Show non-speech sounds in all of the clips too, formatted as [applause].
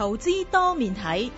投資多面睇。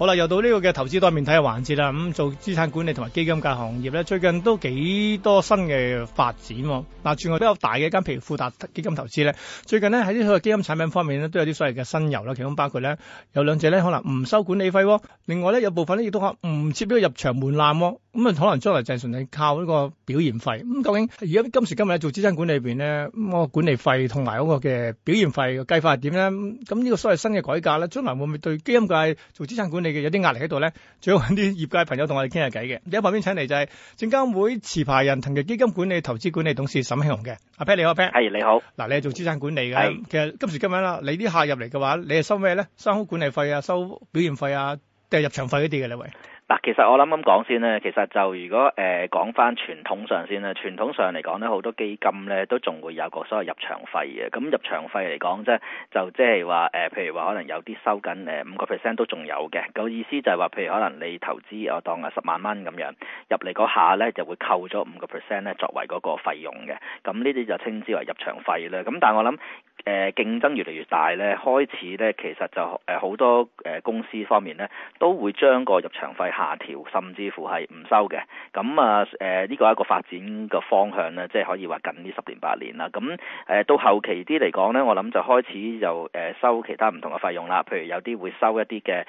好啦，又到呢個嘅投資多面睇嘅環節啦。咁、嗯、做資產管理同埋基金界行業咧，最近都幾多新嘅發展、啊。嗱、啊，全球比較大嘅一間譬如富達基金投資咧，最近咧喺呢個基金產品方面咧，都有啲所謂嘅新遊啦。其中包括咧，有兩隻咧可能唔收管理費喎、啊；另外咧有部分咧亦都唔設呢個入場門檻喎、啊。咁、嗯、啊，可能將來就係純係靠呢個表現費。咁、嗯、究竟而家今時今日呢做資產管理裏面咧？咁、嗯、個管理費同埋嗰個嘅表現費嘅計法係點咧？咁、嗯、呢、嗯這個所謂新嘅改革咧，將來會唔會對基金界做資產管理？有啲壓力喺度咧，最好揾啲業界朋友同我哋傾下偈嘅。你喺旁邊請嚟就係證監會持牌人騰祺基金管理投資管理董事沈慶洪嘅。阿、啊、Pat 你好，Pat，係、hey，你好。嗱，你係做資產管理嘅，Hey. 其實今時今日啦，你啲客入嚟嘅話，你係收咩咧？收管理費啊，收表現費啊，定係入場費嗰啲嘅咧，喂？嗱，其實我諗咁講先咧，其實就如果誒講翻傳統上先咧，傳統上嚟講咧，好多基金咧都仲會有個所謂入場費嘅，咁入場費嚟講咧，即係就即係話誒，譬如話可能有啲收緊誒五個 percent 都仲有嘅，個意思就係話，譬如可能你投資我當啊十萬蚊咁樣入嚟嗰下咧，就會扣咗五個 percent 咧作為嗰個費用嘅，咁呢啲就稱之為入場費咧，咁但係我諗。誒競爭越嚟越大咧，開始咧其實就誒好多公司方面咧，都會將個入場費下調，甚至乎係唔收嘅。咁啊誒呢個係一個發展嘅方向呢，即係可以話近呢十年八年啦。咁到後期啲嚟講咧，我諗就開始就收其他唔同嘅費用啦。譬如有啲會收一啲嘅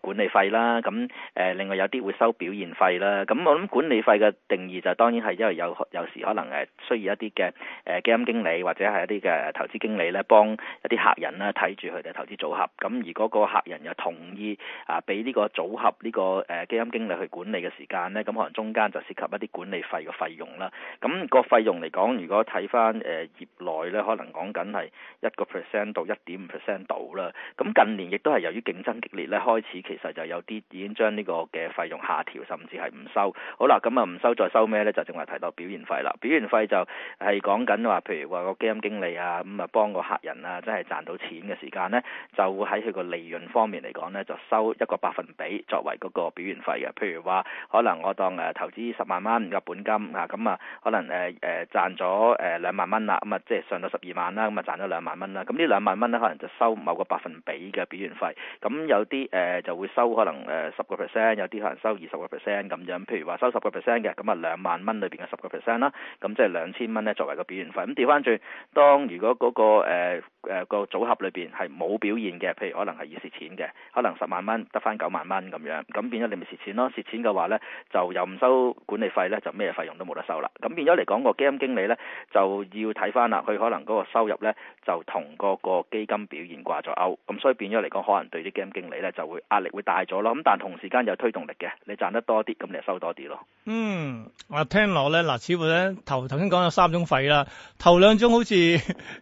管理費啦，咁另外有啲會收表現費啦。咁我諗管理費嘅定義就當然係因為有有時可能需要一啲嘅誒基金經理或者係一啲嘅投資經理。誒幫一啲客人啦，睇住佢哋投資組合，咁如果個客人又同意啊，俾呢個組合呢個誒基金經理去管理嘅時間咧，咁可能中間就涉及一啲管理費嘅費用啦。咁個費用嚟講，如果睇翻誒業內咧，可能講緊係一個 percent 到一點五 percent 度啦。咁近年亦都係由於競爭激烈咧，開始其實就有啲已經將呢個嘅費用下調，甚至係唔收。好啦，咁啊唔收再收咩呢？就淨係提到表現費啦。表現費就係講緊話，譬如話個基金經理啊，咁啊幫個客人啊，真係賺到錢嘅時間呢，就會喺佢個利潤方面嚟講呢，就收一個百分比作為嗰個表現費嘅。譬如話，可能我當誒投資十萬蚊嘅本金啊，咁、嗯、啊，可能誒誒、呃、賺咗誒兩萬蚊啦，咁、嗯、啊，即係上到十二萬啦，咁、嗯、啊賺咗兩萬蚊啦。咁呢兩萬蚊呢，可能就收某個百分比嘅表現費。咁、嗯、有啲誒、呃、就會收可能誒十個 percent，有啲可能收二十個 percent 咁樣。譬如話收十個 percent 嘅，咁、嗯、啊兩萬蚊裏邊嘅十個 percent 啦，咁、嗯、即係兩千蚊呢，作為個表現費。咁調翻轉，當如果嗰、那個、呃誒誒個組合裏邊係冇表現嘅，譬如可能係要蝕錢嘅，可能十萬蚊得翻九萬蚊咁樣，咁變咗你咪蝕錢咯。蝕錢嘅話呢，就又唔收管理費呢就咩費用都冇得收啦。咁變咗嚟講，個基金經理呢就要睇翻啦，佢可能嗰個收入呢就同嗰個基金表現掛咗鈎，咁所以變咗嚟講，可能對啲基金經理呢就會壓力會大咗咯。咁但係同時間有推動力嘅，你賺得多啲，咁你就收多啲咯。嗯，我聽落呢，嗱、呃，似乎呢頭頭先講有三種費啦，頭兩種好似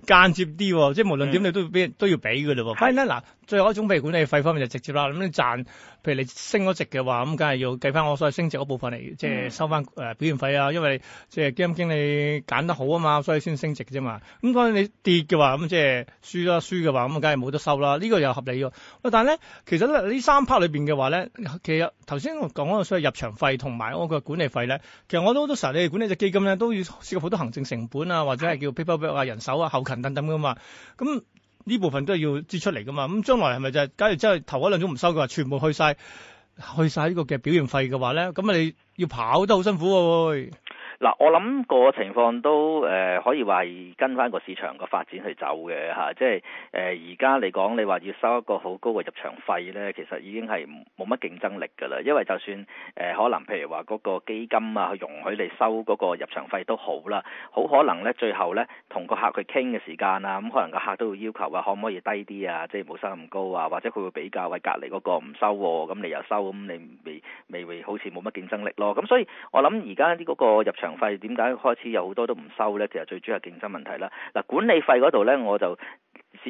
間接。啲、嗯、即係無論點你都要俾、嗯、都要俾噶嘞喎，係啦嗱，最後一種譬如管理費方面就直接啦，咁你賺譬如你升咗值嘅話，咁梗係要計翻我所升值嗰部分嚟，即、就、係、是、收翻誒表現費啊，嗯、因為你即係基金經理揀得好啊嘛，所以先升值啫嘛。咁當然你跌嘅話，咁即係輸啦，輸嘅話咁梗係冇得收啦。呢、這個又合理喎。但係咧其實呢三 part 裏邊嘅話咧，其實頭先我講嗰個所謂入場費同埋我個管理費咧，其實我都都好多時候你哋管理隻基金咧都要涉及好多行政成本啊，或者係叫 paperwork 啊、back, 人手啊、後勤等等咁。咁呢部分都係要支出嚟噶嘛，咁將來係咪就係、是、假如真係頭一兩種唔收嘅話，全部去晒去晒呢個嘅表現費嘅話咧，咁啊你要跑都好辛苦喎、啊。嗱，我諗個情況都誒、呃、可以話係跟翻個市場個發展去走嘅吓、啊，即係誒而家嚟講，你話要收一個好高嘅入場費咧，其實已經係冇乜競爭力㗎啦。因為就算誒、呃、可能譬如話嗰個基金啊，容許你收嗰個入場費都好啦，好可能咧，最後咧同個客去傾嘅時間啊，咁、嗯、可能個客都會要求話可唔可以低啲啊，即係冇收咁高啊，或者佢會比較喂隔籬嗰個唔收咁、啊、你又收，咁你未未未好似冇乜競爭力咯。咁所以我諗而家啲嗰個入場，場費點解開始有好多都唔收呢？其實最主要係競爭問題啦。嗱，管理費嗰度呢，我就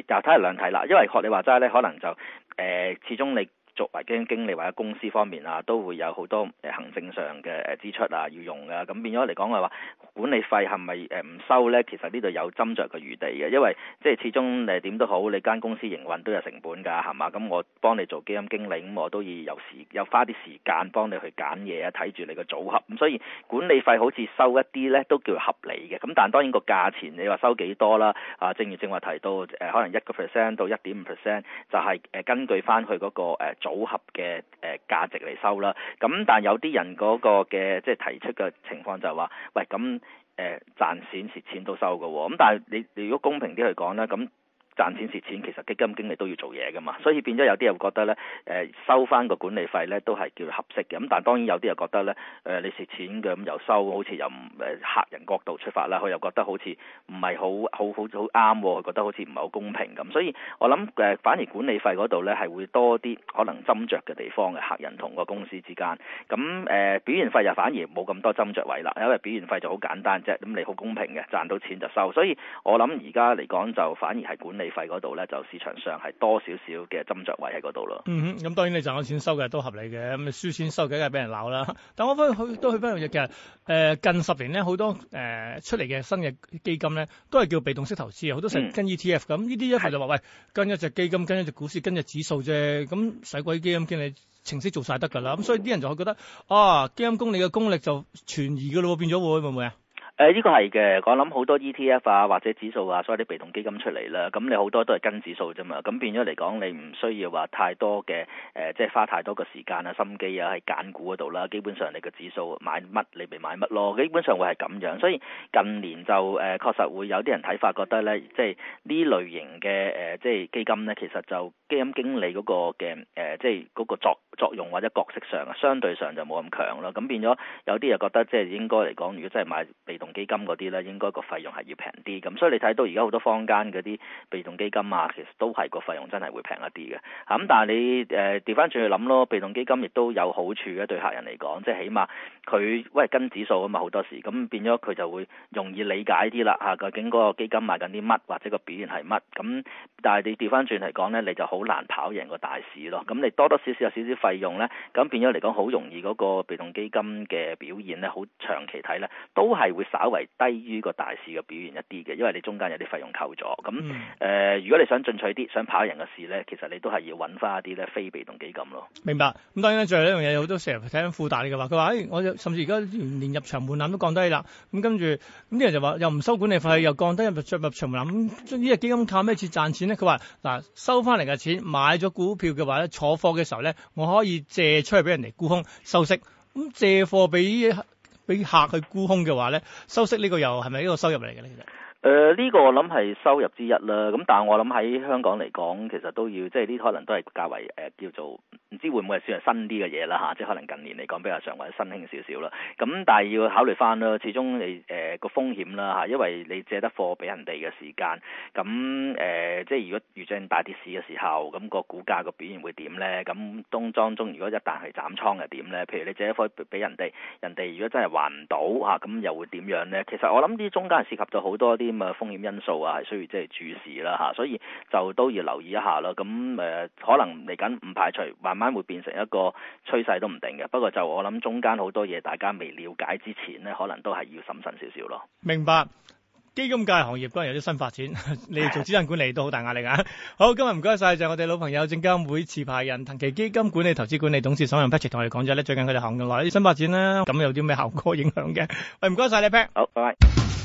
嗱睇下兩題啦。因為學你話齋呢，可能就誒、呃、始終你。作為基金經理或者公司方面啊，都會有好多誒、呃、行政上嘅誒支出啊要用㗎、啊，咁變咗嚟講係話管理費係咪誒唔收呢？其實呢度有斟酌嘅餘地嘅，因為即係始終你點都好，你間公司營運都有成本㗎係嘛？咁我幫你做基金經理，咁我都要有時有花啲時間幫你去揀嘢啊，睇住你個組合咁、嗯，所以管理費好似收一啲呢都叫合理嘅。咁但係當然個價錢你話收幾多啦、啊？啊，正如正話提到誒、呃，可能一個 percent 到一點五 percent 就係、是、誒、呃、根據翻佢嗰個、呃組合嘅誒價值嚟收啦，咁但係有啲人嗰個嘅即係提出嘅情況就係話：喂，咁誒賺錢蝕錢都收嘅喎，咁但係你你如果公平啲去講啦，咁。賺錢蝕錢其實基金經理都要做嘢㗎嘛，所以變咗有啲又覺得呢，收返個管理費呢都係叫合適嘅，咁但當當然有啲又覺得呢，你蝕錢嘅咁又收，好似又唔客人角度出發啦，佢又覺得好似唔係好好好好啱，佢覺得好似唔係好公平咁，所以我諗反而管理費嗰度呢係會多啲可能斟酌嘅地方嘅客人同個公司之間，咁誒、呃、表現費就反而冇咁多斟酌位啦，因為表現費就好簡單啫，咁你好公平嘅，賺到錢就收，所以我諗而家嚟講就反而係管理。理費嗰度咧，就市場上係多少少嘅斟酌位喺嗰度咯。嗯哼，咁當然你賺咗錢收嘅都合理嘅，咁你輸錢收嘅梗係俾人鬧啦。但我反去都回去翻一樣嘢嘅，誒、呃、近十年咧，好多誒、呃、出嚟嘅新嘅基金咧，都係叫被動式投資啊，好多成跟 ETF 咁呢啲一就話喂，跟一隻基金跟一隻股市跟隻指數啫，咁、嗯、使鬼基金經理程式做晒得㗎啦。咁所以啲人就覺得啊，基金經理嘅功力就存疑㗎啦喎，變咗喎，會唔會啊？誒，呢個係嘅，我諗好多 ETF 啊或者指數啊，所有啲被動基金出嚟啦，咁你好多都係跟指數啫嘛，咁變咗嚟講，你唔需要話太多嘅誒，即係、呃、就是、花太多嘅時間啊心機啊喺揀股嗰度啦，基本上你個指數買乜你咪買乜咯，基本上會係咁樣，所以近年就誒呃、確實會有啲人睇法覺得咧，即係呢類型嘅誒、呃、即係基金咧，其實就基金經理嗰、那個嘅誒、呃、即係嗰個作作用或者角色上啊，相對上就冇咁強咯，咁變咗有啲又覺得即係應該嚟講，如果真係買被動基金嗰啲咧，應該個費用係要平啲，咁所以你睇到而家好多坊間嗰啲被動基金啊，其實都係個費用真係會平一啲嘅嚇。咁但係，你誒調翻轉去諗咯，被動基金亦都有好處嘅、啊、對客人嚟講，即係起碼，佢喂跟指數啊嘛，好多時，咁變咗佢就會容易理解啲啦吓，究竟嗰個基金買緊啲乜，或者個表現係乜咁？但係，你調翻轉嚟講咧，你就好難跑贏個大市咯。咁你多多少少有少少費用咧，咁變咗嚟講好容易嗰個被動基金嘅表現咧，好長期睇咧都係會。稍為低於個大市嘅表現一啲嘅，因為你中間有啲費用扣咗。咁誒、嗯呃，如果你想進取啲，想跑贏個市咧，其實你都係要揾翻一啲咧非被動基金咯。明白。咁當然咧，最後呢樣嘢有好多成日聽富達呢嘅話。佢話：哎，我甚至而家連入場門檻都降低啦。咁跟住，咁啲人就話：又唔收管理費，又降低入入入場門檻。呢隻基金靠咩錢賺錢咧？佢話：嗱，收翻嚟嘅錢買咗股票嘅話咧，坐貨嘅時候咧，我可以借出嚟俾人哋沽空收息。咁借貨俾。俾客去沽空嘅話咧，收息呢個又係咪一個收入嚟嘅咧？其實。誒呢、呃這個我諗係收入之一啦，咁但係我諗喺香港嚟講，其實都要即係呢，可能都係較為、呃、叫做唔知會唔會係算係新啲嘅嘢啦吓，即係可能近年嚟講比較上或者新興少少啦。咁、啊、但係要考慮翻啦，始終你誒個、呃、風險啦吓、啊，因為你借得貨俾人哋嘅時間，咁、啊、誒、呃、即係如果遇正大跌市嘅時候，咁、那個股價個表現會點咧？咁當當中如果一旦係斬倉又點咧？譬如你借得貨俾人哋，人哋如果真係還唔到咁、啊、又會點樣咧？其實我諗啲中間係涉及咗好多啲。咁啊，風險因素啊，係需要即係注視啦、啊、吓，所以就都要留意一下咯。咁誒、呃，可能嚟緊唔排除慢慢會變成一個趨勢都唔定嘅。不過就我諗中間好多嘢，大家未了解之前呢，可能都係要審慎少少咯。明白。基金界行業都有啲新發展， [laughs] [laughs] 你哋做資產管理都好大壓力啊。 [laughs] 好，今日唔該晒，就我哋老朋友證監會持牌人騰祺基金管理投資管理董事總監 Patrick 同我哋講咗呢。最近佢哋行緊來啲新發展啦，咁有啲咩效果影響嘅？喂 [laughs] 你，唔該晒，你 Patrick 好，拜拜。